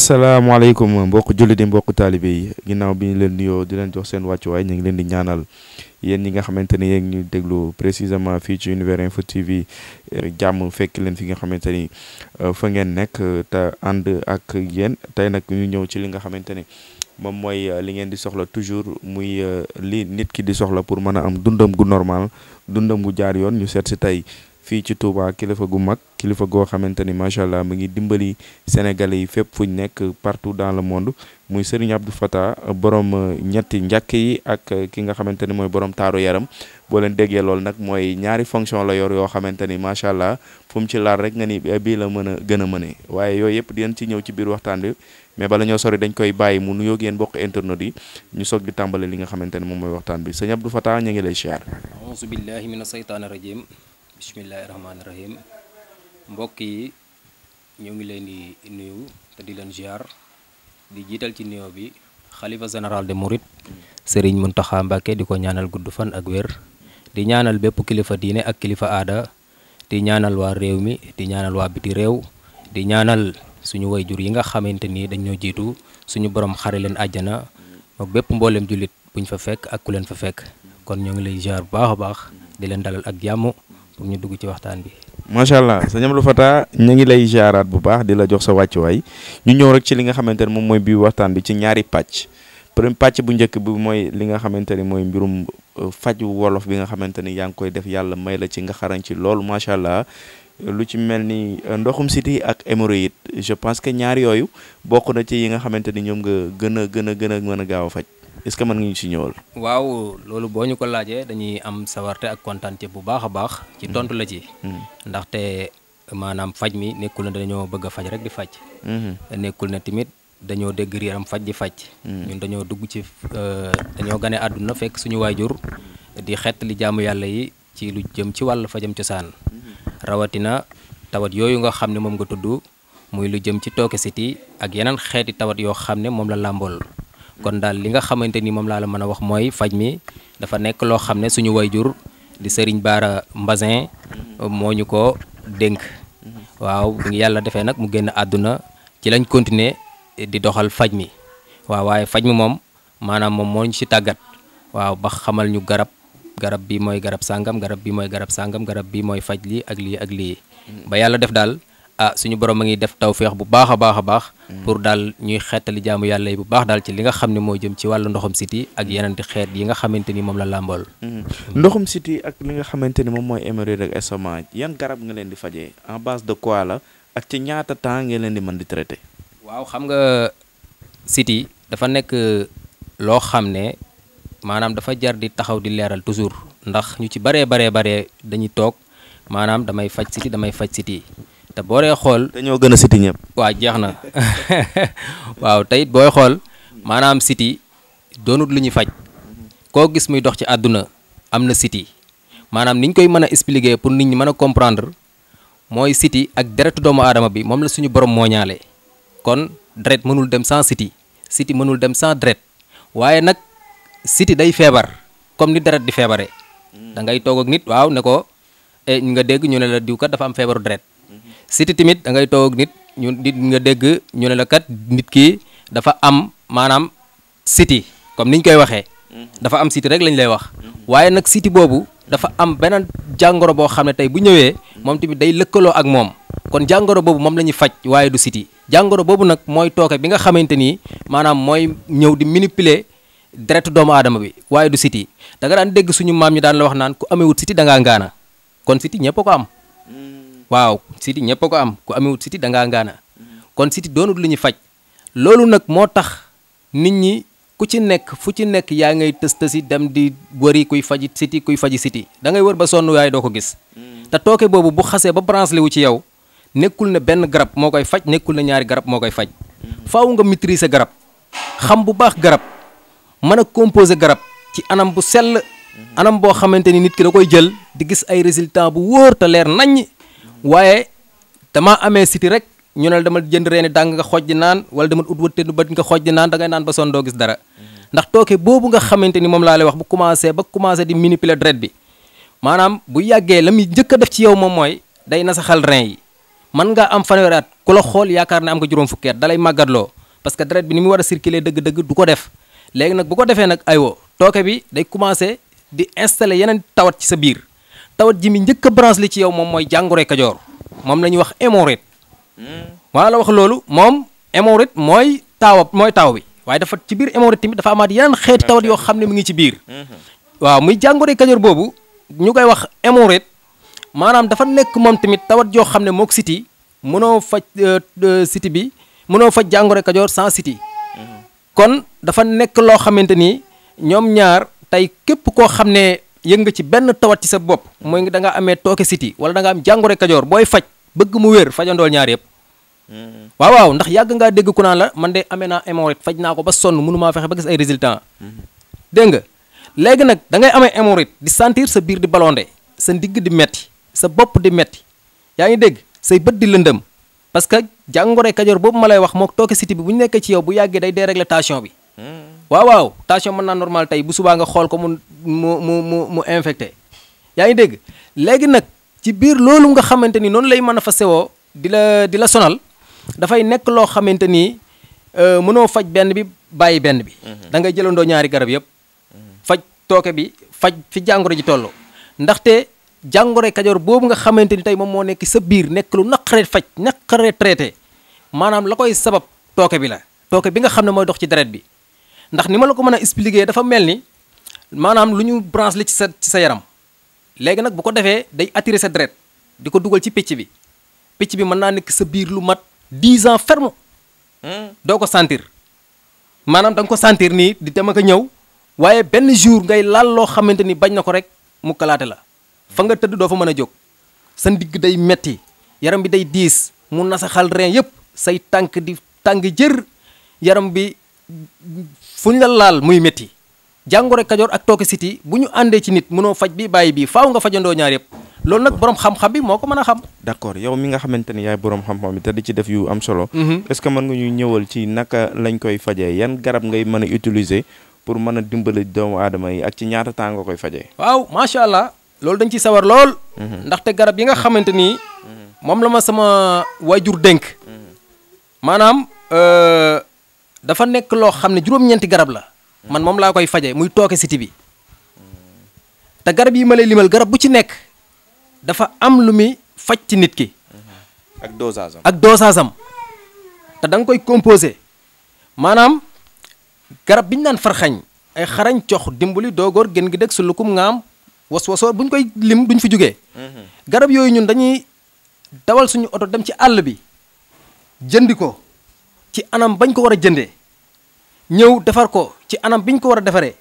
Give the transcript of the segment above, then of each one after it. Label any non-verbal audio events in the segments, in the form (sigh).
asalaamaaleykum mbokk julli di mbokk taalibe yi ginnaaw bi ñu leen nuyoo di leen jox seen wàcc wàccuwaay ñu ngi leen di ñaanal yéen ñi nga xamante ne yéen ñu déglu précisément fii ci Univers Info TV eh, jàmm fekk leen fi nga xamante ni eh, fa ngeen nekk te ànd ak yéen tey nag ñu ñëw ci li nga xamante ni moom mooy eh, li ngeen di soxla toujours muy li nit ki di soxla pour mën a am dundam gu normal dundam gu jaar yoon ñu seet si tey. fii ci Touba kilifa gu mag kilifa goo xamante ni macha allah mu ngi dimbali Sénégalais yi fépp fu ñu nekk partout dans le monde muy Serigne Abdou Fatah borom euh, ñetti njàkk yi ak euh, ki nga xamante ni mooy borom taaru yaram boo leen déggee loolu nag mooy ñaari fonction la yor yoo xamante ni macha allah fu mu ci laal rek nga ni eh, bii la mën a gën a mëne waaye yooyu yëpp di leen ci ñëw ci biir waxtaan bi mais bala ñoo sori dañ koy bàyyi mu nuyoo yéen bokk internet yi ñu soog di tàmbale li nga xamante ne moom mooy waxtaan bi sëñ Abdou Fatah ñu ngi lay siyaar. bisimillahi rahmaani rahim mbokk yi ñoo ngi leen di nuyu te di leen ziar di jiital ci nuyoo bi xalifa général de Mouride sëriñ Muntaxa Mbàkke di ko ñaanal gudd fan ak wér di ñaanal bépp kilifa diine ak kilifa aada di ñaanal waa réew mi di ñaanal waa biti réew di ñaanal suñu way jur yi nga xamante ni dañoo jiitu suñu borom xare leen àjjana ak bépp mboolem jullit buñ fa fekk ak ku leen fa fekk kon ñoo ngi lay ziar baax baax di leen dalal ak jàmm pour ñu dugg ci waxtaan bi. macha allah sëñ Amadou Fata ñu ngi lay jaaraat bu baax di la jox sa wàcc waay ñu ñëw rek ci li nga xamante ne moom mooy bii waxtaan bi ci ñaari pàcc. premier pàcc bu njëkk bi mooy li nga xamante ni mooy mbirum euh, faj wolof bi nga xamante ni yaa ngi koy def yàlla may la ci nga xarañ ci loolu macha allah. lu ci mel ni euh, ndoxum siti ak hémorroïde je pense que ñaar yooyu bokk na ci yi nga xamante ni ñoom nga gën a gën a gën a mën a gaaw a faj. est-ce que mën nga ñu si ñëwal. waaw loolu boo ñu ko laajee dañuy am sawarte ak kontaante bu baax a baax. ci mm. tontu la ci. Mm. ndaxte maanaam faj mi nekkul ne dañoo bëgg a faj rek di faj. Mm-hmm. nekkul na tamit dañoo dégg riiram faj di faj. Mm. ñun dañoo dugg ci euh, dañoo gane àdduna fekk suñu waajur di xett li jaamu yàlla yi ci lu jëm ci wàllu fajam cosaan. Mm-hmm. rawatina tawat yooyu nga xam ne moom nga tudd muy lu jëm ci tooke siti ak yeneen xeeti tawat yoo xam ne moom la làmbool. kon daal li nga xamante ni moom laa la mën a wax mooy faj mi dafa nekk loo xam ne suñu wayjur di sëriñ Baara Mbasin mhm. moo ñu ko dénk mhm. waaw yàlla defee nag mu génn àdduna ci lañ continuer di doxal faj mi waaw waaye faj mi moom maanaam moom moo ñu si tàggat waaw ba xamal ñu garab garab bi mooy garab sàngam garab bi mooy garab sàngam garab bi mooy faj li ak lii ak li mhm. ba yàlla def daal ah suñu borom a ngi def tawféex bu baax a baax a baax. Mm. pour daal ñuy xeetali jaamu yàlla yi bu baax daal ci li nga xam ne moo jëm ci wàllu ndoxum siti ak mm. yeneen di xeet yi nga xamante ni moom la làmbool. Mm. ndoxum siti ak li nga xamante ni moom mooy hémorroïde ak estomac yan garab nga leen di fajee en base de quoi la ak ci ñaata temps ngeen leen di mën di traité. waaw xam nga siti dafa nekk loo xam ne maanaam dafa jar di taxaw di leeral toujours ndax ñu ci baree baree bare dañuy toog maanaam damay faj siti damay faj siti te boo dee xool. dañoo gën a siti ñëpp. waaw jeex na (laughs) waaw tey booy xool maanaam City doonut lu ñuy faj koo gis muy dox ci àdduna am na City maanaam niñ koy mën a expliquer pour nit ñi mën a comprendre mooy City ak deretu doomu aadama bi moom la suñu borom moo ñaale kon deret mënul dem sans siti City mënul dem sans deret waaye nag siti day feebar comme ni deret di feebaree. Mm. da ngay toog ak nit waaw ne ko eh, nga dégg ñu ne la diw kat dafa am feebaru deret siti tamit dangay ngay toog nit ñu nit nga dégg ñu ne la kat nit ki dafa am maanaam siti comme niñ koy waxee dafa am siti rek lañ lay wax waaye nag siti boobu dafa am beneen jàngoro boo xam ne tey bu ñëwee moom tamit day lëkkaloo ak moom kon jàngoro boobu moom la ñuy faj waaye du siti jàngoro boobu nag mooy tooke bi nga xamante ni maanaam mooy ñëw di manipuler deret doomu aadama bi waaye du siti da nga daan dégg suñu maam ñi daan la wax naan ku amewut siti da ngaa ngaana waaw siti ñëpp ko am ku amewut siti da ngaa ngaana kon siti doonut lu ñu faj loolu nag moo tax nit ñi ku ci nekk fu ci nekk yaa ngay tës tësi dem di wëri kuy faji siti kuy faji siti da ngay wër ba sonn waaye doo ko gis mm. te tooke boobu bu xasee ba branche wu ci yow nekkul ne benn garab moo koy faj nekkul ne ñaari garab moo koy faj mm-hmm. faaw nga maîtriser garab xam bu baax garab mën a composer garab ci anam bu sell mm-hmm. anam boo xamante ni nit ki da koy jël di gis ay résultat bu wóor te leer naññ waaye damaa amee siti rek ñu ne la dama jënd reeni dàng nga xooj di naan wala dama ut wëttéenu bët nga xooj di naan dangay ngay naan ba son doo gis dara ndax tooke boobu nga xamante ni moom laa lay wax bu commencé ba commencé di manipuler dret bi maanaam bu yàggee la muy njëkk a def ci yow moom mooy day nasaxal rein yi mën ngaa am fanweeri at ku la xool yaakaar ne am nga juróom fukki at dalay màggatloo parce que deret bi ni mu war a circuler dëgg-dëgg du ko def léegi nag bu ko defee nag aywo tooke bi day commencé di installer yeneen tawat ci sa biir tawat ji mi njëkk a branché ci yow moom mooy jàngoroy kajoor moom la ñuy wax hémorroïde hmm. maa la wax loolu moom hémorroïde mooy taaw mooy taaw bi waaye dafa ci biir hémorroïde tamit dafa amaat yeneen xeeti tawat yoo xam ne mu ngi ci biir hmm. waaw muy jàngoroy kajoor boobu ñu koy wax hémorroïde maanaam dafa nekk moom tamit tawat yoo xam ne mook siti mënoo faj euh, euh, siti bi mënoo faj jàngoroy kajoor sans siti hmm. kon dafa nekk loo xamante ni ñoom ñaar tey képp koo xam ne yëg nga ci benn tawat ci sa bopp mooy da nga amee tooke siti wala danga am jàngoro kajoor booy faj bëgg mu wér fajandool ñaar yëpp mm-hmm. waaw waaw ndax yàgg ngaa dégg ku naan la man de amee naa hémorroïde faj naa ko ba sonn mënu maa fexe ba gis ay mm-hmm. dégg nga léegi nag da ngay amee hémorroïde di sentir sa biir di ballonde sa ndigg di metti sa bopp di metti yaa ngi dégg say bët di lëndëm parce que jàngoro kajoor boobu ma lay wax moo tooke siti bi bu ñu nekkee ci yow bu yàggee day dérégler tension bi mm-hmm. waaw waaw tension mën naa normal tey bu subaa nga xool ko mu mu mu mu mu infecté yaa ngi dégg léegi nag ci biir loolu nga xamante ni noonu lay manifesté woo di la di la sonal dafay nekk loo xamante ni euh, mënoo faj benn bi bàyyi benn bi mhm. da ngay jëlandoo ñaari garab yëpp mhm. faj tooke bi faj fi jàngoro ji toll ndaxte jàngoro kajoor boobu nga xamante ni tey moom moo nekk sa biir nekk lu naqaree faj naqaree traité maanaam la koy sabab tooke bi la tooke bi nga xam ne mooy dox ci deret bi ndax ni ma la ko mën a expliquer dafa mel ni maanaam lu ñu branche li ci sa sa yaram léegi nag bu ko defee day attire sa deret di ko dugal ci picc bi picc bi mën naa nekk sa biir lu mat 10 ans ferme hmm. doo ko sentir maanaam danga ko sentir nii di dem ak ñëw waaye benn jour ngay laal loo xamante ni bañ na ko rek mu kalaate la fa nga tëdd doo fa mën a jóg sa ndigg day metti yaram bi day diis mu nasaxal rein yëpp say tànk di tàng jër yaram bi fu ñu la laal muy métti jàngoro kajoor ak tooke siti bu ñu àndee ci nit mënoo faj bi bàyyi bii faaw nga fajandoo ñaar yëpp loolu nag borom xam-xam bi moo ko mën a xam. d'accord yow mi nga xamante yaay borom xam-xam bi te di ci def yu am solo. Mm-hmm. est-ce que mën nga ñu ñëwal ci naka lañ koy fajee yan garab ngay mën a utiliser pour mën a dimbali doomu aadama yi ak ci ñaata temps nga koy fajee. waaw macha allah loolu dañ ci sawar lool. Mm-hmm. ndaxte garab yi nga xamante dafa nekk loo xam ne juróom-ñeenti garab la man moom laa koy faje muy tooke siti bi te garab yi ma lay limal garab bu ci nekk dafa am lu muy faj ci nit ki. ak dosage ak dosage am te da koy composé maanaam garab bi ñu naan farxañ ay xarañ cox dimbali doogoor gën gi dëkk su lukum ngaam was-wasoor bu ñu koy lim duñ fi jugee. Mhm. garab yooyu ñun dañuy dawal suñu oto dem ci àll bi jëndi ko. ci anam bañ ko war a jëndee ñëw defar ko ci anam biñ ko war a defaree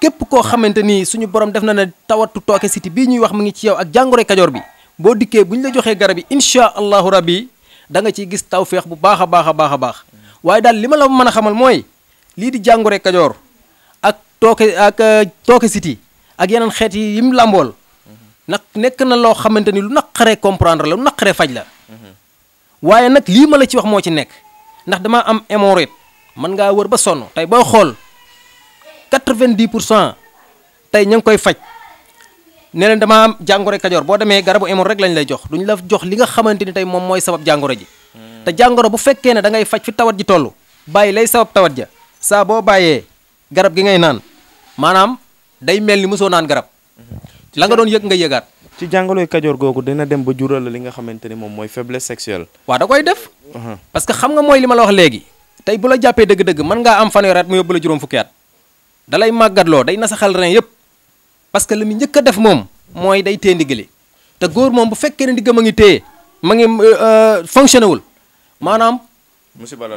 képp koo xamante ni suñu borom def na ne tawatu tooke siti bii ñuy wax mu ngi ci yow ak jàngoro kajoor bi boo dikkee bu ñu la joxee garab yi incha allahu rabbi da nga ciy gis tawféex bu baax a baax a baax a baax waaye daal li ma la mën a xamal mooy lii di jàngoro kajoor ak tooke ak euh, tooke siti ak yeneen xeet yi yim làmbool nag nekk na loo xamante ni lu naqaree comprendre la lu naqaree faj la mm-hmm. waaye nag lii ma la ci wax moo ci nekk. ndax damaa am hémorroïde mën ngaa wër ba sonn tey boo xool quatre vingt di pour cent tey ñu ngi koy faj ne leen damaa am jàngoro kajoor boo demee garabu hémorroïde rek lañu lay jox duñu la jox li nga xamante ni tey moom mooy sabab jàngoro ji hmm. te jàngoro bu fekkee ne da ngay faj fi tawat ji toll bàyyi lay sabab tawat ja saa boo bàyyee garab gi ngay naan maanaam day mel ni mosoo naan garab la nga doon yëg nga yëgaat ci jàngaloy kajoor googu dina dem ba la li nga xamante ni moom mooy faiblesse sexuelle. waa da koy def. Uh-huh. parce que xam nga mooy li ma la wax léegi. tey bu la jàppee dëgg-dëgg mën ngaa am fanweeri at mu yóbbu la juróom fukki dalay da lay màggatloo day nasaxal ren yëpp parce que li mu njëkk a def moom mooy day téye ndigali te góor moom bu fekkee ne ndigam a ngi téye ma ngi euh, euh, fonctionné wul maanaam.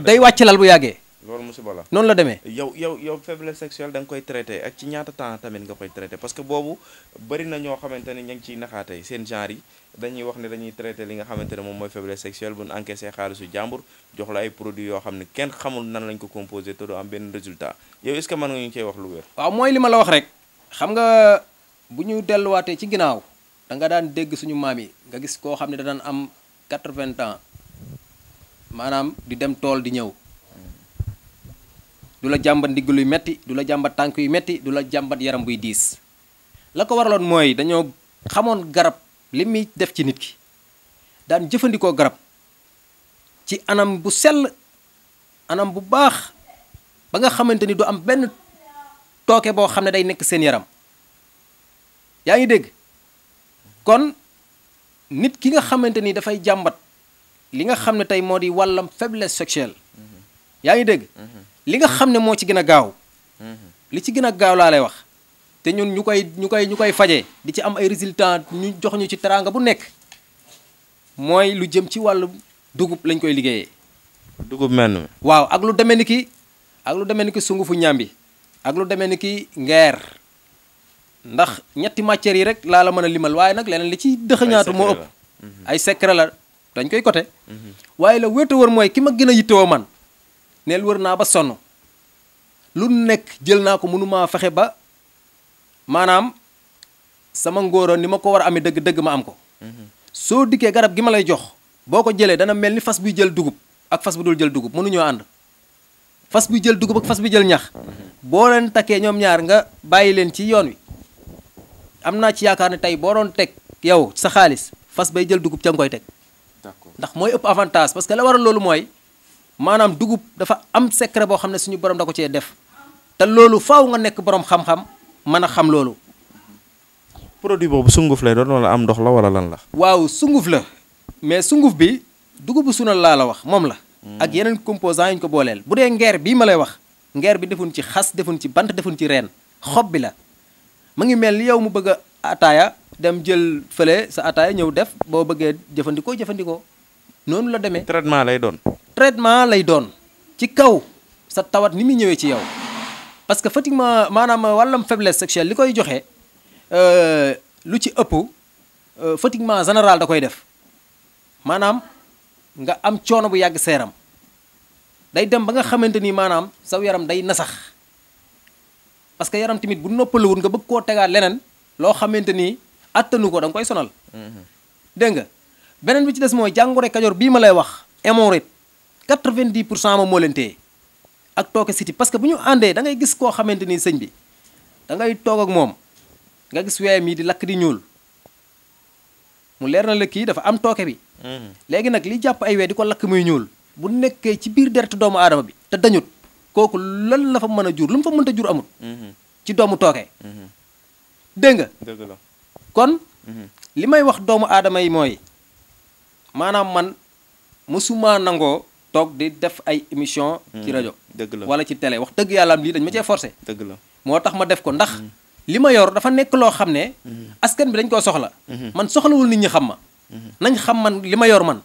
day wàcc lal bu yàggee. loolu musiba la noonu la demee. yow yow yow faiblesse sexuelle da nga koy traité ak ci ñaata temps tamit nga koy traité parce que boobu bëri na ñoo xamante ne ña ngi ciy naxaatee seen genre yi dañuy wax ne dañuy traité li nga xamante ne moom mooy faiblesse sexuelle bu ñu encaissé xaalisu jàmbur jox la ay produits yoo xam ne kenn xamul nan lañ ko composé te du am benn résultat yow est-ce que mën nga ñu cee wax lu wér. waaw mooy li ma la wax rek xam nga bu ñu delluwaatee ci ginnaaw da nga daan dégg suñu maam yi nga gis koo xam ne da daan am 80 ans maanaam di dem tool di ñëw. du la jàmbat ndiggalu yu metti du la jàmbat tànk yu metti du la jàmbat yaram buy diis la ko waraloon mooy dañoo xamoon garab li muy def ci nit ki daan jëfandikoo garab ci anam bu sell anam bu baax ba nga xamante ni du am benn tooke boo xam ne day nekk seen yaram yaa ngi dégg kon nit ki nga xamante ni dafay jàmbat li nga xam ne tey moo di wàllam faiblesse sexuelle mm-hmm. yaa ngi dégg mm-hmm. li nga xam ne moo ci gën a gaaw mm-hmm. li ci gën a gaaw laa lay wax te ñun ñu koy ñu koy ñu koy faje di ci am ay résultant ñu jox ñu ci teraanga bu nekk mooy lu jëm ci wàllu dugub lañ koy liggéeyee. dugub menn waaw ak lu demee ni ki ak lu demee ni ki sungufu ñàmbi ak lu demee ni ki ngeer ndax ñetti matières yi rek laa la mën a limal waaye nag leneen li ciy dëxëñaatu moo ëpp mm-hmm. ay secret la dañ koy côté mm-hmm. waaye la wéeta wër mooy ki ma gën a yittewoo man neel wër naa ba sonn lu nekk jël naa ko mënumaa fexe ba maanaam sama ngóora ni ma ko war a amee dëgg-dëgg ma am ko mhm. soo dikkee garab gi ma lay jox boo ko jëlee dana mel ni fas buy jël dugub ak fas bu dul jël dugub mënuñoo ànd fas buy jël dugub ak fas bi jël ñax mhm. boo leen takkee ñoom ñaar nga bàyyi leen ci yoon wi am naa ci yaakaar ne tey boo doon teg yow sa xaalis fas bay jël dugub ca nga koy teg d'accord ndax mooy ëpp avantage parce que war a loolu mooy maanaam dugub dafa am secret boo xam ne suñu borom da ko cee def te loolu faw nga nekk borom xam-xam mën a xam loolu. produit boobu sunguf lay doon wala am ndox la wala lan la. waaw sunguf la mais sunguf bi dugubu sunal laa la wax moom la. Hmm. ak yeneen composants yu ñu ko booleel. bu dee ngeer bii ma lay wax ngeer bi defuñ ci xas defuñ ci bant defuñ ci reen xob bi la mu ngi mel ni yow mu bëgg a ataaya dem jël fële sa ataaya ñëw def boo bëggee jëfandikoo jëfandikoo. noonu la demee. traitement lay doon. traitement lay doon ci kaw sa tawat ni muy ñëwee ci yow parce que maanaam walla maanaam wàllam faiblesse sexuelle li koy joxe euh, lu ci ëpp euh, fatigue général da koy def maanaam nga am coono bu yàgg seeram day dem ba nga xamante ni maanaam saw yaram day nasax parce que yaram tamit bu noppaluwul nga bëgg koo tegaat leneen loo xamante ni attanu ko danga koy sonal mm-hmm. dégg nga. beneen bi ci des mooy jàngoro kajoor bii ma lay wax hémorroïde 90 pour cent moom moo leen téye ak tooke siti parce que bu ñu àndee dangay gis koo xamante ni sëñ bi da ngay toog ak moom nga gis weyam yi di lakk di ñuul mu leer na la kii dafa am tooke bi. Mm-hmm. léegi nag li jàpp ay wee di ko lakk muy ñuul. bu nekkee ci biir deret doomu aadama bi te dañut kooku lan la fa mën a jur lu mu fa mënta jur amut. Mm-hmm. ci doomu tooke. Mm-hmm. dégg nga. kon li may wax doomu aadama yi mooy. maanaam man mësuma nangoo toog di def ay émission ci hmm, rajo dëgg la wala ci télé wax dëgg yàlla am lii dañ ma cee forcé dëgg la moo tax ma def ko ndax hmm. li ma yor dafa nekk loo xam ne hmm. askan bi dañ koo soxla man soxlawul nit ñi xam ma nañ xam man li ma yor man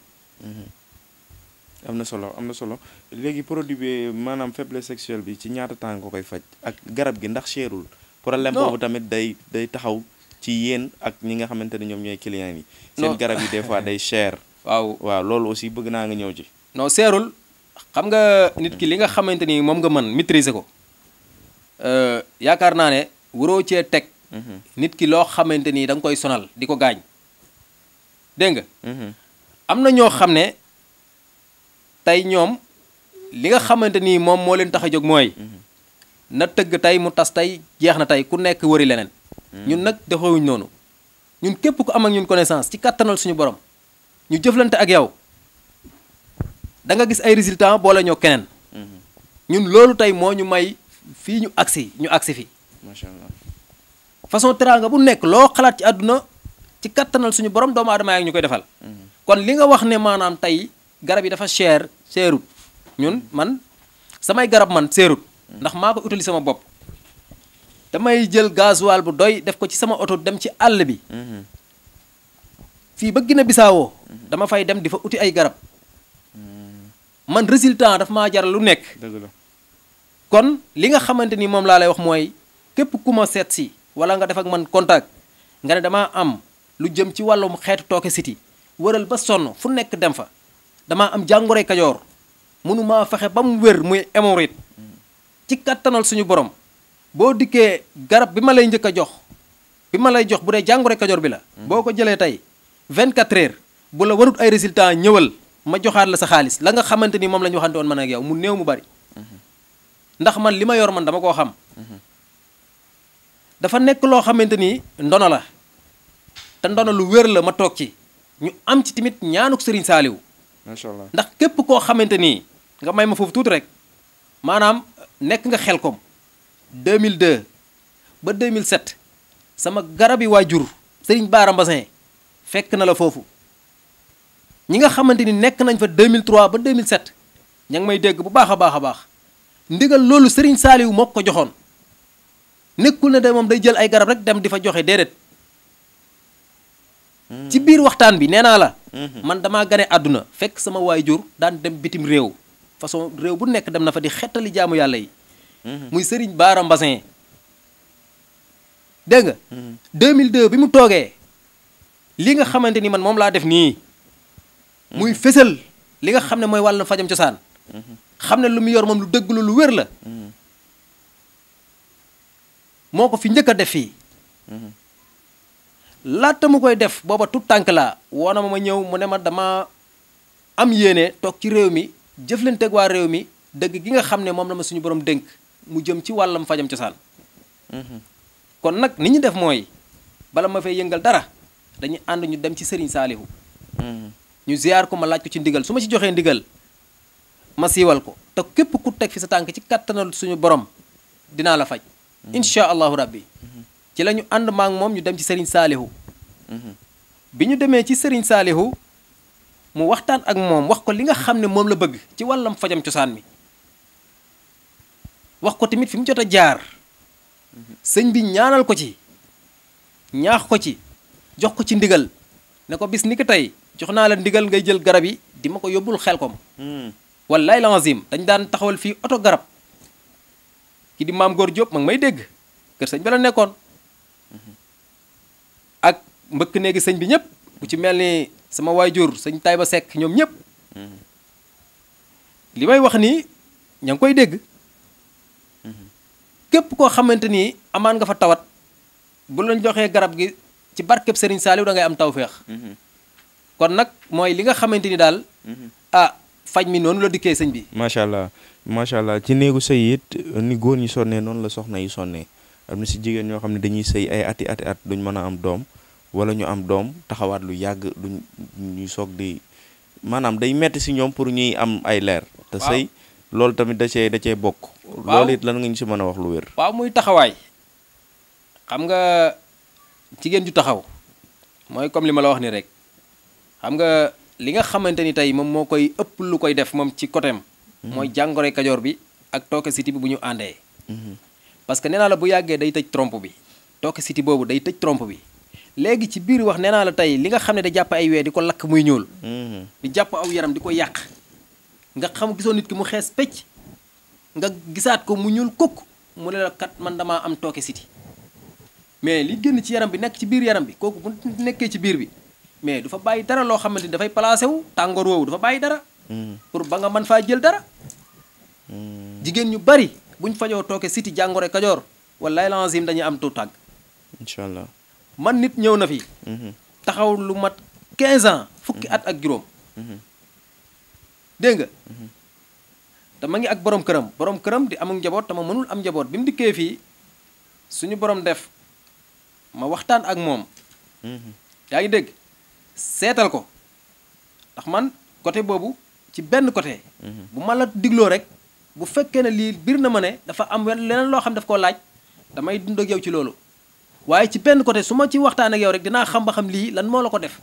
am na solo am na solo léegi produit bi maanaam faiblesse sexuelle bi ci ñaata temps nga koy faj ak garab gi ndax cherul problème boobu tamit day day taxaw ci yéen ak ñi nga xamante ne ñoom ñooy clients yi seen garab des fois day cher (laughs) waaw waaw loolu aussi bëgg naa nga ñëw ci. non seerul xam nga nit ki li nga xamante ni moom nga mën maîtriser ko euh, yaakaar naa ne waroo cee teg. Mhm. nit ki loo xamante ni da koy sonal di ko gaañ. dégg nga. Mhm. am na ñoo xam ne tey ñoom li nga xamante ni moom moo leen tax a jóg mooy. Mhm. na tëgg tey mu tas tey jeex na tey ku nekk wëri leneen. ñun nag defewuñ noonu. ñun képp ku am ak ñun connaissance ci kattanal suñu borom. ñu jëflante ak yow danga gis ay résultant boole ñoo keneen mm-hmm. ñun loolu tey moo ñu may fii ñu agsi ñu agsi fi macha allah façon teraanga bu nekk loo xalaat ci àdduna ci kattanal suñu borom doomu aadama yaa ngi ñu koy defal mm-hmm. kon li nga wax ne maanaam tey garab yi dafa cher seerut ñun mm-hmm. man samay garab man seerut ndax maa ko utali sama bopp damay jël gasoil bu doy def ko ci sama oto dem ci àll bi fii ba Guinée Bissau dama fay dem di fa uti ay garab man résultat daf maa jar lu nekk. kon li nga xamante ni moom laa lay wax mooy képp ku ma seet si wala nga def ak man contact nga ne damaa am lu jëm ci wàllum xeetu tooke siti wëral ba sonn fu nekk dem fa damaa am jàngore kajoor mënuma fexe ba mu wér muy hémorroïde ci kattanal suñu borom boo dikkee garab bi ma lay njëkk a jox bi ma lay jox bu dee jàngore kajoor bi la. boo ko jëlee tey 24 heures. bu la warut ay résultat ñëwal ma joxaat la sa xaalis la nga xamante ni moom lañu ñu waxante woon man ak yow mu néew mu bari ndax man li ma yor man dama koo xam dafa nekk loo xamante ni ndono la te ndono lu wér la ma toog ci ñu am ci tamit ñaanuk Serigne Saaliw ndax képp koo xamante ni nga may ma foofu tuuti rek maanaam nekk nga Xelkom 2002 ba 2007 sama garabi yi waajur Serigne Bara fekk na la foofu ñi nga xamante ni nekk nañ fa 2003 ba 2007 ña ngi may dégg bu baax a baax a baax ndigal loolu Serigne Saliou moo ko joxoon nekkul ne de moom day jël ay garab rek dem di fa joxe déedéet. Hmm. ci biir waxtaan bi nee naa la. Hmm. man damaa gane àdduna fekk sama waajur daan dem bitim réew façon réew bu nekk dem na fa di xetali jaamu yàlla yi. Hmm. muy Serigne Baara Mbasin. dégg nga. 2002 bi mu toogee li nga xamante ni man moom laa def nii. muy fësal li nga xam ne mooy wàllu fajam cosaan xam ne lu mu yor moom lu dëgg la lu wér la moo ko fi njëkk a def fii laata mu koy def booba tout tànk laa woona ma ma ñëw mu ne ma dama am yéene toog ci réew mi jëflanteeg waa réew mi dëgg gi nga xam ne moom la ma suñu borom dénk mu jëm ci wàllam fajam cosaan kon nag ni ñu def mooy bala ma fay yëngal dara dañuy ànd ñu dem ci sëriñ saalihu ñu ziar ko ma laaj ko ci ndigal su ma ci joxee ndigal ma siiwal ko te képp ku teg fi sa tànk ci kàttanal suñu borom dinaa la faj. Mhm. incha allahu rabbi mhm. ci la ñu ànd maak moom ñu dem ci Serigne Saalihu mhm. bi ñu demee ci Serigne Saalihu mu waxtaan ak moom wax ko li nga xam ne moom la bëgg ci wàllam fajam cosaan mi wax ko tamit fi mu jot a jaar sëñ bi ñaanal ko ci ñaax ko ci jox ko ci ndigal ne ko bis ni ko tey jox naa la ndigal ngay jël garab yi di ma ko yóbbul xelkom. Hmm. wallaay lazim dañ daan taxawal fii oto garab ki di maam góor Diop ma may dégg kër sëñ ba nekkoon hmm. ak mbëkk néegi sëñ bi ñëpp bu ci mel ni sama waajur sëñ ba sekk ñoom ñëpp hmm. li may wax nii ña ngi koy dégg képp koo xamante ni amaan nga fa tawat bu lañ joxee garab gi ci barkeb Serigne Saliou da ngay am tawféex kon nag mooy li nga xamante ni daal mm-hmm. ah faj mi noonu la dikkee sëñ bi macha allah macha allah ci néegu sëy it ni góor ñi sonnee noonu la soxna yi sonnee am na si jigéen ñoo xam ne dañuy sëy ay ati ati at duñ mën a am doom wala ñu am doom taxawaat lu yàgg duñ ñuy soog di maanaam day metti si ñoom pour ñuy am ay leer te sëy loolu tamit da cee da cee bokk loolu it lan nga ñu si mën a wax lu wér waaw muy taxawaay xam nga jigéen ju taxaw mooy comme li ma la wax ni rek xam nga li nga xamante ni tey moom moo koy ëpp lu koy def moom ci côté am mhm. mooy jàngore kajoor bi ak tooke siti bi bu ñu àndee mhm. parce que nee naa la bu yàggee day tëj trompe bi tooke siti boobu day tëj tromp bi léegi ci biir wax nee naa la tey li nga xam ne da jàpp ay wee di ko lakk muy ñuul mhm. di jàpp aw yaram di ko yàq nga xam gisoo nit ki mu xees pecc nga gisaat ko mu ñuul kukk mu ne la kat man dama am tooke siti mais li génn ci yaram bi nekk ci biir yaram bi kooku bu nekkee ci biir bi mais du fa bàyyi dara loo xamante ni dafay placé wu tàngoor woowu du fa bàyyi dara. Hmm. pour ba nga mën faa jël dara. Hmm. jigéen ñu bari buñ fajoo tooke siti jàngoro kajoor wallaay lazim dañu am tuut tàgg. incha allah man nit ñëw na fi. Hmm. taxaw lu mat quinze ans. fukki at ak juróom. dégg nga. te ngi ak boroom këram borom këram di amul njaboot te ma mënul am njaboot bi mu dikkee fii suñu borom def ma waxtaan ak moom. yaa ngi dégg. seetal ko ndax man côté boobu ci benn côté. bu ma la digloo rek bu fekkee ne lii biir na ma ne dafa am wenn leneen loo xam def koo laaj damay dund yow ci loolu waaye ci benn côté su ma ci waxtaan yow rek dinaa xam ba xam lii lan moo la ko def.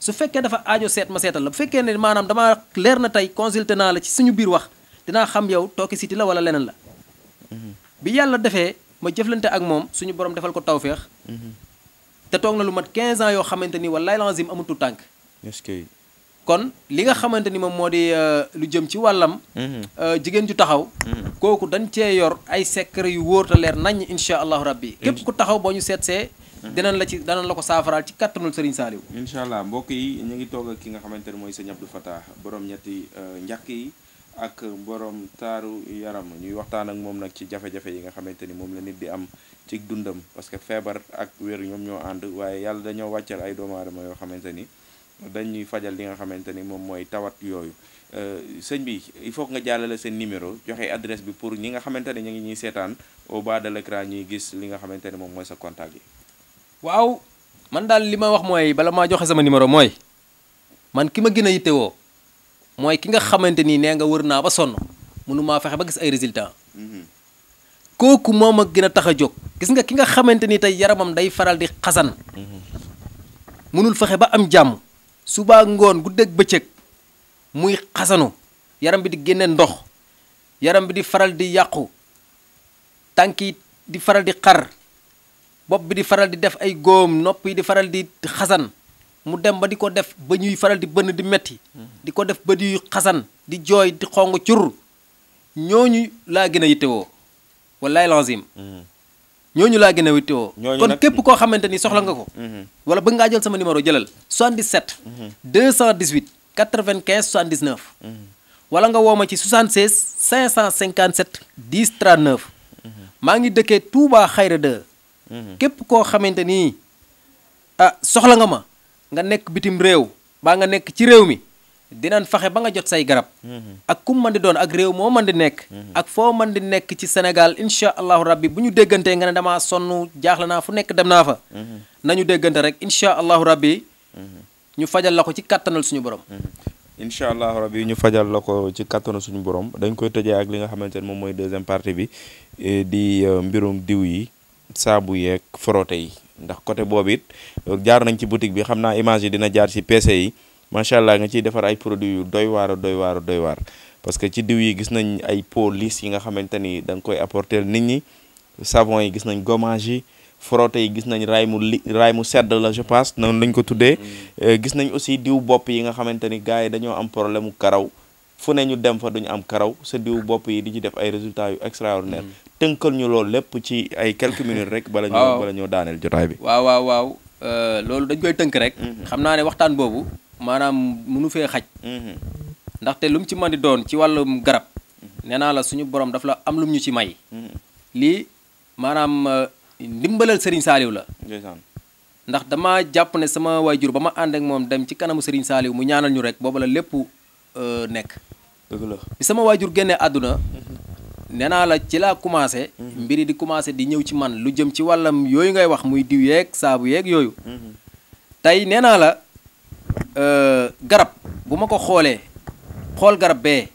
su fekkee dafa ajo seet ma seetal la bu fekkee ne maanaam dama leer na tey consulté naa la ci suñu biir wax dinaa xam yow tooke siti la wala leneen la. bi yàlla defee ma jëflante ak moom suñu borom defal ko tawféex. te toog na lu mat 15 ans yoo xamante ni wallaay lazim amatul tànk. est kon li nga xamante ni moom moo di euh, lu jëm ci wàllam. Mhm. Euh, jigéen ju taxaw. Mhm. kooku dañ cee yor ay secret yu wóor te leer naññ incha allahu rabbi. képp ku taxaw boo ñu seetsee. Mhm. dinañ la ci danañ la ko saafaraal ci kattanul Serigne Saliou. incha allah mbokk yi ñu ngi toog ak ki nga xamante ni mooy sa Abdou Fatah boroom ñetti euh, njàkk yi. ak borom taaru yaram ñuy waxtaan ak moom nag ci jafe-jafe yi nga xamante ni moom la nit di am ci dundam parce que feebar ak wér ñoom ñoo ànd waaye yàlla dañoo wàcceel ay doomu aadama yoo xamante ni dañuy fajal li nga xamante ni moom mooy tawat yooyu euh, sëñ bi il faut nga jàllale seen numéro joxe adresse bi pour ñi nga xamante ne ñu ngi ñuy seetaan au bas de l'écran ñuy gis li nga xamante ne moom mooy sa contact waaw man daal li ma wax mooy bala maa joxe sama numéro mooy man ki ma gën a yittewoo mooy ki nga xamante ni nee nga wër naa ba sonn mënumaa fexe ba gis ay résultat mhm. kooku moom a gën a tax a jóg gis nga ki nga xamante ni tey yaramam day faral di xasan mënul mhm. fexe ba am jàmm subaa ngoon guddeeg bëccëg muy xasanu yaram bi di génne ndox yaram bi di faral di yàqu tànk di faral di xar bopp bi di faral di def ay góom nopp yi di faral di xasan mu dem ba di ko def ba ñuy faral di bënn di metti di ko def ba di xasan di jooy di xong cur ñooñu laa gën a yittewoo wallaay lazim mm-hmm. ñooñu laa gën a yittewoo kon képp koo xamante ni soxla nga ko mm-hmm. wala bëgg ngaa jël sama numéro jëlal 77 218 95 79 wala nga woo ma ci 76 557 10 39 maa ngi dëkkee Touba Xayra 2 mm-hmm. képp koo xamante ni ah soxla nga ma nga nekk bitim réew baa nga nekk ci réew mi dinañ faxe ba nga jot say garab mm-hmm. ak kum man di doon ak réew moo man di nekk mm-hmm. ak foo man di nekk ci Sénégal incha allahu rabbi bu ñu déggantee nga ne damaa sonn jaaxle naa fu nekk dem naa fa mm-hmm. na ñu déggante rek incha allahu rabbi ñu fajal la ko ci kattanal suñu borom incha allahu rabbi ñu fajal la ko ci kattanu suñu borom dañ koy tëjee ak li nga xamante ne moom mooy deuxième partie bi eh, di euh, mbirum diw yi saabu yeeg frotté yi ndax côté boobu it jaar nañ ci boutique bi xam naa image yi dina jaar ci PC yi macha allah nga ciy defar ay produit yu doy waar doy waar doy waar parce que ci diw yi gis nañ ay police yi nga xamante ni da nga koy apporter nit ñi savon yi gis nañ gommage yi frotté yi gis nañ raay mu li raay mu sedd la je pense noonu lañ ko tuddee mm. euh, gis nañ aussi diw bopp yi nga xamante ni gars yi dañoo am problème mu karaw fu ne ñu dem fa duñu am karaw sa diw bopp yi di ci def ay résultats yu extraordinaire mm. tënkal ñu loolu lépp ci ay quelques minutes rek. bala ñoo bala ñoo daaneel jotaay bi. waaw waaw waaw euh, loolu dañ koy tënk rek. Mhm. xam naa ne waxtaan boobu maanaam munu fee xaj. Mhm. ndaxte lu mu ci man di doon ci wàllum garab. Mhm. nee naa la suñu borom daf la am lum ñu ci may. lii maanaam euh, ndimbalal sëriñ Saliou la. ndax dama jàpp ne sama waajur ba ma ànd ak moom dem ci kanamu sëriñ Saliou mu ñaanal ñu rek booba la lépp euh, nekk. bi sama waajur génnee àdduna. nee naa la ci laa mhm. mbir yi di commencé di ñëw ci man lu jëm ci wàllam yooyu ngay wax muy diw yeeg saabu yeeg yooyu. Mhm. tey nee naa la euh, garab bu ma ko xoolee xool garab bee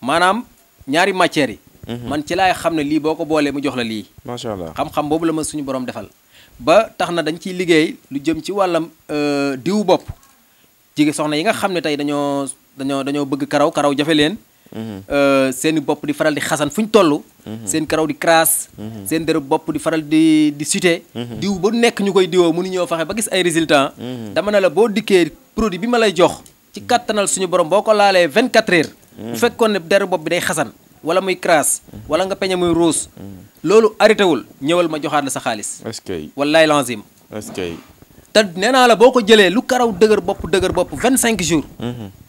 maanaam ñaari matières yi. Mhm. man ci laay xam ne lii boo ko boolee mu jox la lii. macha allah xam-xam boobu la ma suñu borom defal. ba tax na dañ ciy liggéey lu jëm ci wàllam euh, diw bopp jigéen soxna yi nga xam ne tey dañoo dañoo dañoo bëgg karaw karaw jafe leen. Euh, seen i bopp di faral di xasan fu ñu toll. Mhm. seen karaw di crasse. Mhm. seen der bopp di faral di di sute. Mhm. diw ba nekk ñu koy diwoo nu ñoo faxe ba gis ay résultats. dama na la boo dikkee produit bi ma lay jox. ci kattanal suñu borom boo ko laalee vingt 24 heures. bu fekkoon ne dërëb bopp bi day xasan. wala muy crasse wala nga peñe muy rose loolu arrêté wul ñëwal ma joxaat la sa xaalis. est-ce que wallaay lanzim. te nee naa la boo ko jëlee lu karaw dëgër bopp dëgër bopp vingt cinq jours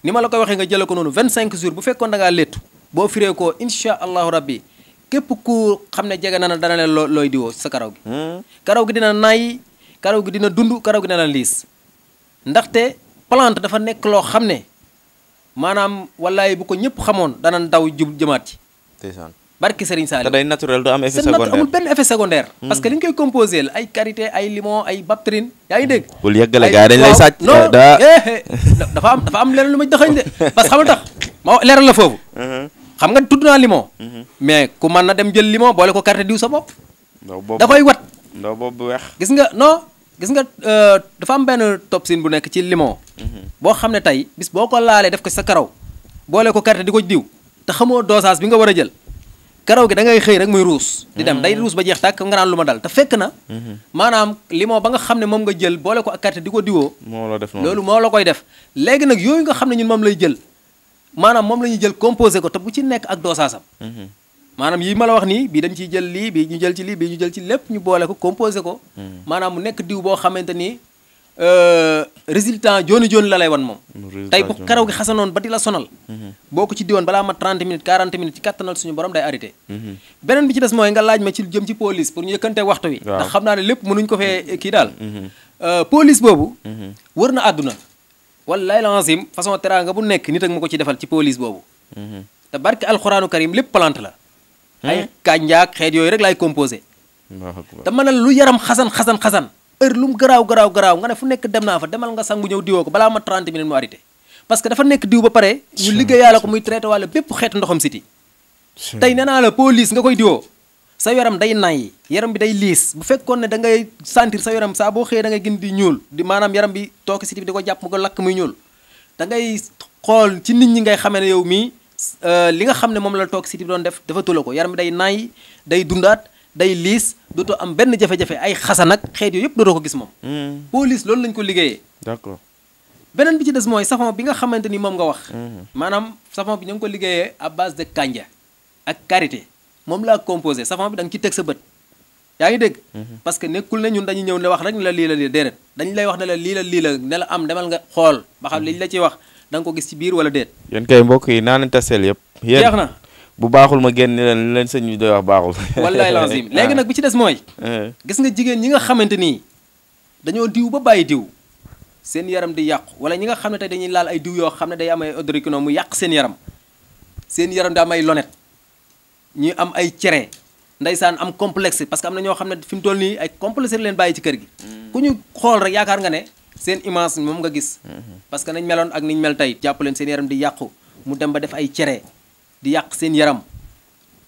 ni ma la ko waxee nga jëlee ko noonu vingt cinq jours bu fekkoon da ngaa léttu boo firee koo insha allahu rabbi képp ku xam ne jege na na dana leen loo looy diwoo sa karaw gi hmm. karaw gi dina nay karaw gi dina dund karaw gi dina liis ndaxte plante dafa nekk loo xam ne maanaam wallaay bu ko ñëpp xamoon dana daw jub jëmaat ci barki Serigne Saliou te day naturel du am effet secondaire amul benn effet secondaire hmm. parce que li nga koy composé ay karité ay limon ay baptrine yaa ngi dégg bul yëggale dañ lay sàcc non eh, eh, dafa am (laughs) leeral la foofu uh-huh. xam nga tudd naa limon uh-huh. mais ku man na dem jël limon boole ko karité diw sa bopp da koy wat ndaw boobu bu weex gis nga no gis nga euh, dafa am benn toxine bu nekk ci limon uh-huh. boo xam ne tey bis boo ko laalee def ko sa karaw boole ko karité di ko diw te xamoo dosage bi nga war a jël karaw gi da ngay xëy rek muy ruus di dem day mm. ruus ba jeex tàkk nga naan lu ma dal te fekk na mm-hmm. maanaam limon ba nga xam ne moom nga jël boole ko ak carte di ko diwoo loolu moo la koy def léegi nag yooyu nga xam ne ñun moom lay jël maanaam moom la jël composé ko te bu ci nekk ak doosaasam mm-hmm. maanaam yi ma la wax nii bii dañ ciy jël lii bii ñu jël ci lépp ñu boole ko composé ko mm. maanaam mu nekk diw boo xamante nii Euh, résultat jooni jooni la lay wan moom tey bu karaw gi xasanoon ba di la sonal mhm. boo ko ci diwoon balaa ma 30 minutes 40 minutes ci kattanal suñu borom day arrêté mhm. beneen bi ci des mooy nga laaj ma ci jëm ci police pour ñu yëkkante waxtu wi ndax xam naa ne lépp mënuñ ko fee eh, kii daal mhm. euh, police boobu wër na àdduna wallaay lancim façon teraanga bu nekk nit ak ma ko ci defal ci police boobu te barke alxuraanu karim lépp plante la ay kànjaak hmm? xeet yooyu rek laay composé te mënal lu xasan xasan heure lum garaaw garaaw garaaw nga ne fu nekk dem naa fa demal nga sangu ñëw diwoo ko balaa ma 30 minutes mu arrêté parce que dafa nekk diw ba pare ñu liggéeyaale ko muy traité wàlla bépp xeetu ndoxam siti tey nee naa la police nga koy diwoo sa yaram day nay yaram bi day liis bu fekkoon ne da ngay sentir sa yaram saa boo xëyee da ngay gën di ñuul di maanaam yaram bi tooki siti bi di ko jàpp mu ko lakk muy ñuul dangay xool ci nit ñi ngay xamee ne yow mii euh, li nga xam ne moom la tooki siti bi doon def dafa ko yaram day nay day dundaat day liis dootoo am benn jafe-jafe ay xasan ak xeet yooyu yëpp dootoo ko gis moom. Hmm. police loolu lañ ko liggéeyee. d'accord beneen bi ci des mooy savon bi nga xamante ni moom nga wax. Hmm. maanaam savon bi ñu ngi ko liggéeyee à base de kanja ak karité moom laa composé savon bi da nga ci teg sa bët. yaa ngi dégg. Hmm. parce que nekkul ne ñun dañuy ñëw ne wax rek ne la lii la lii déedéet dañu lay wax ne la lii la lii la ne la am demal nga xool ba xam liñ la ciy wax da nga ko gis ci biir wala déet. yéen kay mbokk yi naa leen taseel yëpp. jeex na bu baaxul ma génn leen li leen sëñ bi doy wax baaxul. wallaay lazim (laughs) léegi nag bi ci des mooy. Ah. Eh. gis nga jigéen ñi nga xamante ni dañoo diw ba bàyyi diw. seen yaram di yàqu wala ñi nga xam ne tey dañuy laal ay diw yoo xam ne day am ay odoricon mu yàq seen yaram seen yaram daa am ay lonet ñuy am ay cere ndaysaan am complexe parce que am na ñoo xam ne fi mu toll nii ay complexe leen bàyyi ci kër gi. Hmm. ku ñu xool rek yaakaar nga ne seen image moom nga gis. Hmm. parce que nañ meloon ak niñ mel tey jàpp leen seen yaram di yàqu mu dem ba def ay cere. di yàq seen yaram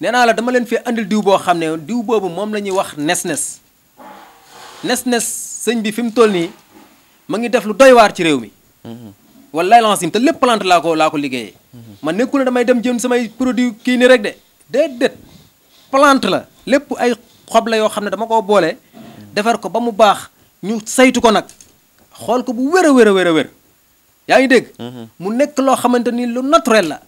nee naa la dama leen fi andil diw boo xam ne diw boobu moom la ñuy wax nes-nes nes-nes sëñ bi fi mu toll nii ma ngi def lu doy waar ci réew mi. Mhm. wallaay lancim te lépp plante laa ko laa ko liggéeyee. Mhm. man nekkul ne damay dem jën samay produit kii nii rek de déedéet plante la lépp ay xob la yoo xam ne dama ko boole. defar ko ba mu baax ñu saytu ko nag xool ko bu wér a wér a wér a wér yaa ngi dégg. Mhm. mu nekk loo xamante ni lu naturel la.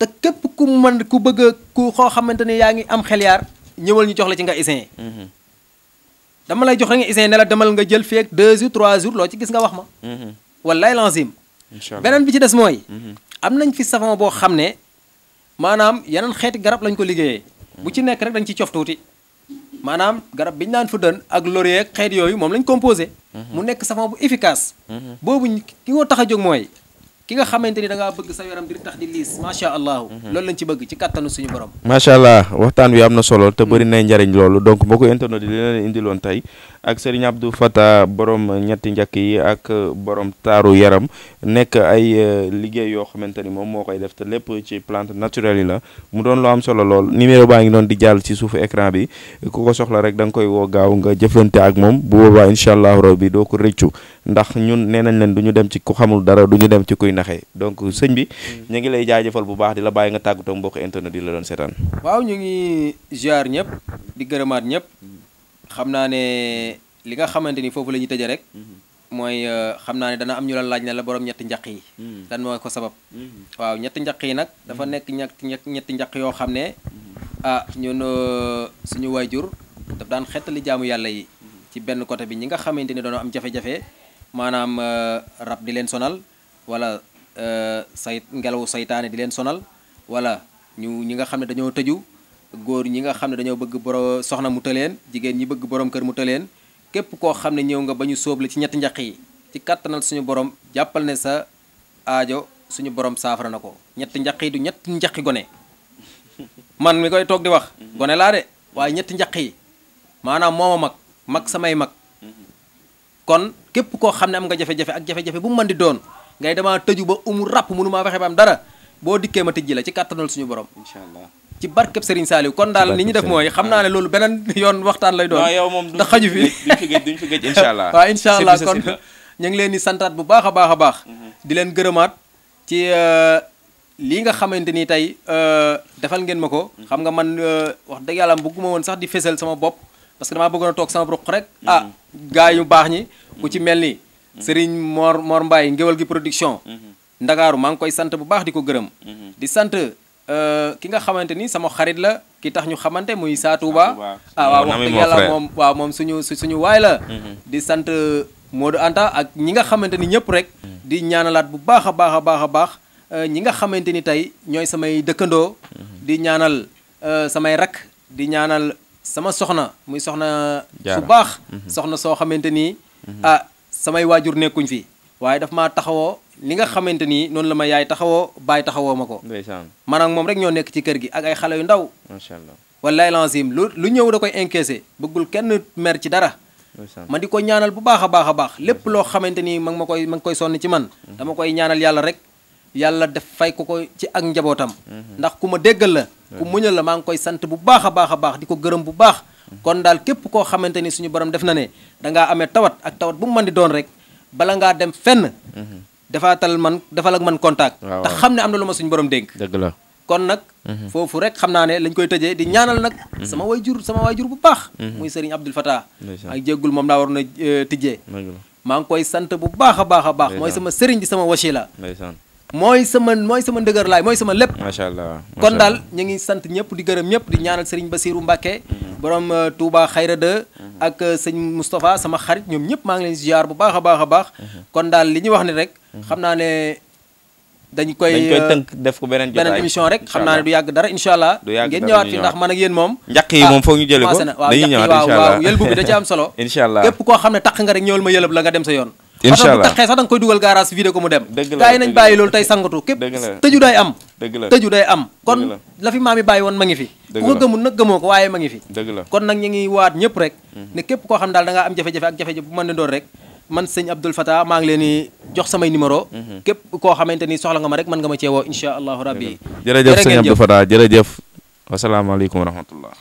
te képp ku mën ku bëgg ku xoo xamante ne yaa ngi am xeliyaar ñëwal ñu jox la ci nga essayer. Mm-hmm. dama lay jox rek nga essayer ne la demal nga jël feek deux jours trois jours loo ci gis nga wax ma. Mm-hmm. wallaay lanzim. beneen bi ci des mooy. Mm-hmm. am nañ fi savon boo xam ne maanaam yeneen xeeti garab lañ ko liggéeyee. bu ci nekk rek dañ ci cof tuuti. maanaam garab bi ñu naan fuddeen ak laurier ak xeet yooyu moom lañ composé. mu nekk savon bu efficace. boobu ki ko tax a jóg mooy ki nga xamante ni da bëgg sa yaram di tax di liis macha allah. Mhm. loolu lañ ci bëgg ci kattanu suñu borom. macha allah waxtaan wi am na solo te bari nay njariñ loolu donc mbokku internet yi li leen indiloon tey ak Serigne du Fata borom ñetti njëkk yi ak borom taaru yaram nekk ay euh, liggéey yoo xamante ni moom moo koy def te lépp ci plante naturelle yi la mu doon lu am solo lool numéro baa ngi noon di jàll ci suufu écran bi ku ko soxla rek da nga koy woo gaaw nga jëflante ak moom bu boobaa incha allah raw bi doo ko rëccu ndax ñun nee nañ leen du ñu dem ci ku xamul dara du ñu dem ci kuy naxee donc sëñ bi. Mm. ñu ngi lay jaajëfal bu baax di la bàyyi nga tàggatoo mbokk internet di la doon seetaan. waaw ñu ngi ziar ñëpp di gërëmaat ñëpp mm. xam naa ne li nga xamante ni foofu la ñuy rek. Mm-hmm. mooy euh, xam naa ne dana am ñu la laaj ne la borom ñetti njaq yi. Mm. lan mooy ko sabab. Mm-hmm. waaw ñetti njaq yi nag dafa mm-hmm. nekk ñett ñetti njaq yoo xam ne ah ñun euh, suñu waajur daf daan xetali jaamu yàlla yi. ci benn côté bi ñi nga xamante ni doon am jafe-jafe maanaam euh, rab di leen sonal Euh, say ngelaw seytaane di leen sonal wala ñu ñi nga xam ne dañoo tëju góor ñi nga xam ne dañoo bëgg borom soxna mu tëleen jigéen ñi bëgg borom kër mu tëleen képp koo xam ne ñëw nga ba ñu sóob ci ñetti njaq yi ci kàttanal suñu borom jàppal ne sa aajo suñu borom saafara na ko ñett njaq yi du ñetti njaqi gone man mi koy toog di wax gone laa de waaye ñetti njaq yi maanaam mooma mag mag samay mag mm-hmm. kon képp koo xam ne am nga jafe-jafe ak jafe-jafe bu mu mën di doon ngay damaa tëju ba umu ràpp mënu maa fexe ba am dara boo dikkee ma tijji la ci kàttanal suñu borom incha allah ci barkeb Serigne Saliou kon daal li ñu def mooy xam naa ne loolu beneen (laughs) yoon waxtaan lay doon yow moom da xaju fi duñ fi gëj duñ fi gëj incha allah (laughs) kon ñu ngi leen di santaat bu baax a baax a baax mhm. di leen gërëmaat ci euh, lii nga xamante ni tey euh, defal ngeen ma ko mhm. xam nga man euh, wax dëgg yàlla bëgguma woon sax di fésal sama bopp parce que damaa bëggoon toog sama ruq rek mhm. ah, gaa yu baax ñi ci mel ni sëriñ Mor Mor Mbaye ngéwal gi production. Mhm. ndakaaru maa ngi koy sant bu baax di ko gërëm. Mhm. di sant euh, ki nga xamante ni sama xarit la ki tax ñu xamante muy Saa Touba. ah waaw moom waaw moom suñu suñu waay la. Mhm. sant euh, Modou Anta ak ñi nga xamante ni ñëpp rek. di ñaanalaat bu baax a baax a baax a baax euh, ñi nga xamante ni tey ñooy samay dëkkandoo. di ñaanal samay rak di ñaanal sama soxna muy soxna. su soo xamante ni ah. samay waajur nekkuñ fi waaye daf maa taxawoo li nga xamante ni noonu la ma yaay taxawoo baay taxawoo ma ko man ak moom rek ñoo nekk ci kër gi ak ay xale yu ndaw macha allah wallaay lancim lu lu ñëw da koy encaissé bëggul kenn mer ci dara ma di ko ñaanal bu baax a baax a baax lépp loo xamante ni mag ma koy ma ngi koy sonn ci man dama koy ñaanal yàlla rek yàlla def fay ko ko ci ak njabootam mhm. ndax ku ma déggal la ku muñal la maa ngi koy sant bu baax a baax a baax di ko gërëm bu baax kon daal képp koo xamante ni suñu borom def na ne dangaa amee tawat ak tawat bu mu mën di doon rek bala ngaa dem fenn. Mm-hmm. defaatal man defal ak man contact. te xam ne am na lu ma suñu borom dénk. dëgg la kon nag. Mm-hmm. foofu rek xam naa ne lañ koy tëjee di ñaanal nag. Mm-hmm. sama wayjur sama wayjur bu baax. muy Serigne Abdul Fatah. ak jéggul moom laa waroon a euh, tijjee. maa ngi koy sant bu baax a baax a baax. mooy sama Serigne di sama wasila. mooy sama mooy sama ndëgër laay mooy sama lépp. macha allah kon daal ñu ngi sant ñëpp di gërëm ñëpp di ñaanal Serigne Bassirou Mbacké borom euh, Touba Xayra 2 mm-hmm. ak euh, sëñ Moustapha sama xarit ñoom ñëpp maa ngi leen ziar bu baax a baax a baax mm-hmm. kon daal li ñu wax ni rek mm-hmm. xam naa ne dañ koy euh, tënk def ko beneen jotaay beneen rek xam naa ne du yàgg dara incha allah ngeen ñëwaat fi ndax man ak yéen moom njaq yi ah, moom foog ñu jële ko dañuy ñëwaat waaw waaw yëlbu da ci am solo (laughs) incha allah képp koo xam ne taq nga rek ñëwal ma yëlëb la nga dem sa yoon incha allah oto bu taxee sax da nga koy dugal garage vidéo ko mu dem gaa yi nañ bàyyi loolu tey sangatu képp tëju day am tëju day am kon la fi maam yi bàyyi woon ma ngi fi ku ko gëmul nag gëmoo waaye ma ngi fi kon nag ñu ngi waat ñëpp rek mm. ne képp koo xam daal da ngaa am jafe-jafe ak jafe-jafe bu mën ne doon rek man sëñ Abdoul Fatah maa ngi leen di jox samay numéro mm-hmm. képp koo xamante ni soxla nga ma rek mën nga ma ceewoo incha allahu rabbi jërëjëf sëñ Abdoul Fatah jërëjëf wasalaamaaleykum wa rahmatullah